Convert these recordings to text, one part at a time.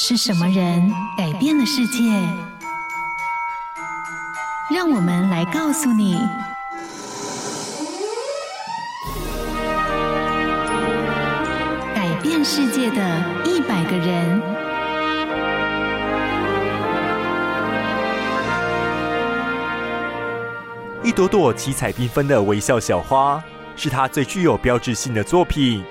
是什麼人改變了世界？讓我們來告訴你：改變世界的一百個人。一朵朵七彩繽紛的微笑小花，是他最具有標誌性的作品。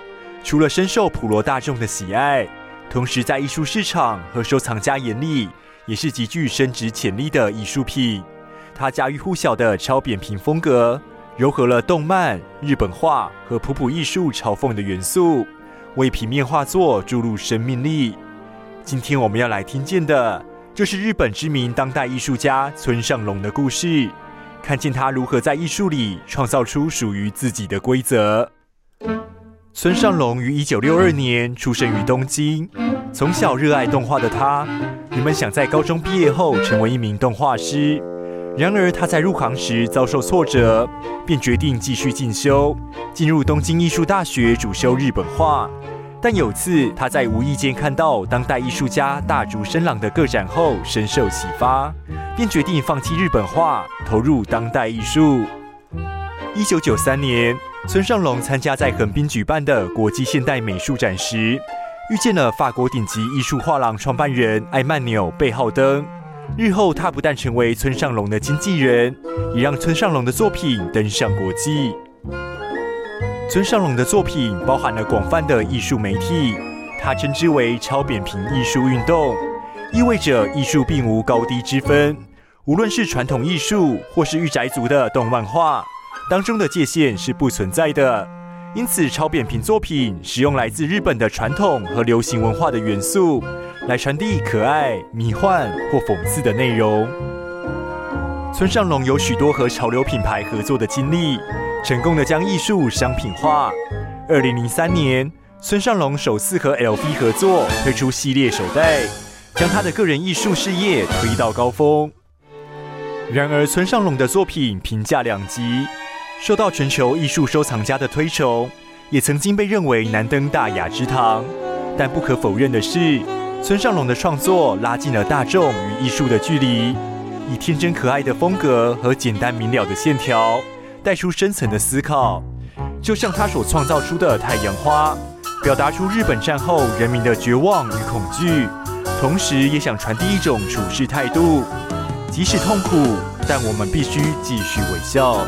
除了深受普羅大眾的喜愛。同時，在藝術市場和收藏家眼裡，也是極具升值潛力的藝術品。它家喻戶曉的超扁平風格，融合了動漫、日本畫和普普藝術嘲諷的元素，為平面畫作注入生命力。今天我們要來聽見的，就是日本知名當代藝術家村上隆的故事，看見他如何在藝術裡創造出屬於自己的規則。村上隆於一九六二年出生於東京。從小熱愛動畫的他，原本想在高中畢業後成為一名動畫師，然而他在入行時遭受挫折，便決定繼續進修，進入東京藝術大學主修日本畫。但有次他在無意間看到當代藝術家大竹伸朗的個展後，深受啟發，便決定放棄日本畫，投入當代藝術。一九九三年，村上隆參加在橫濱舉辦的國際現代美術展時，遇見了法國頂級藝術畫廊創辦人艾曼紐·貝浩登，日後他不但成為村上隆的經紀人，也讓村上隆的作品登上國際。村上隆的作品包含了廣泛的藝術媒體，他稱之為“超扁平藝術運動”，意味着藝術並無高低之分，無論是傳統藝術或是御宅族的動漫畫當中的界限是不存在的。因此，超扁平作品使用來自日本的傳統和流行文化的元素，來傳遞可愛、迷幻或諷刺的內容。村上隆有許多和潮流品牌合作的經歷，成功地將藝術商品化。二零零三年，村上隆首次和 LV 合作推出系列手袋，將他的個人藝術事業推到高峰。然而，村上隆的作品評價兩極。受到全球藝術收藏家的推崇，也曾經被認為難登大雅之堂。但不可否認的是，村上隆的創作拉近了大眾與藝術的距離，以天真可愛的風格和簡單明了的線條，帶出深層的思考。就像他所創造出的太陽花，表達出日本戰後人民的絕望與恐懼，同時也想傳遞一種處事態度：即使痛苦，但我們必須繼續微笑。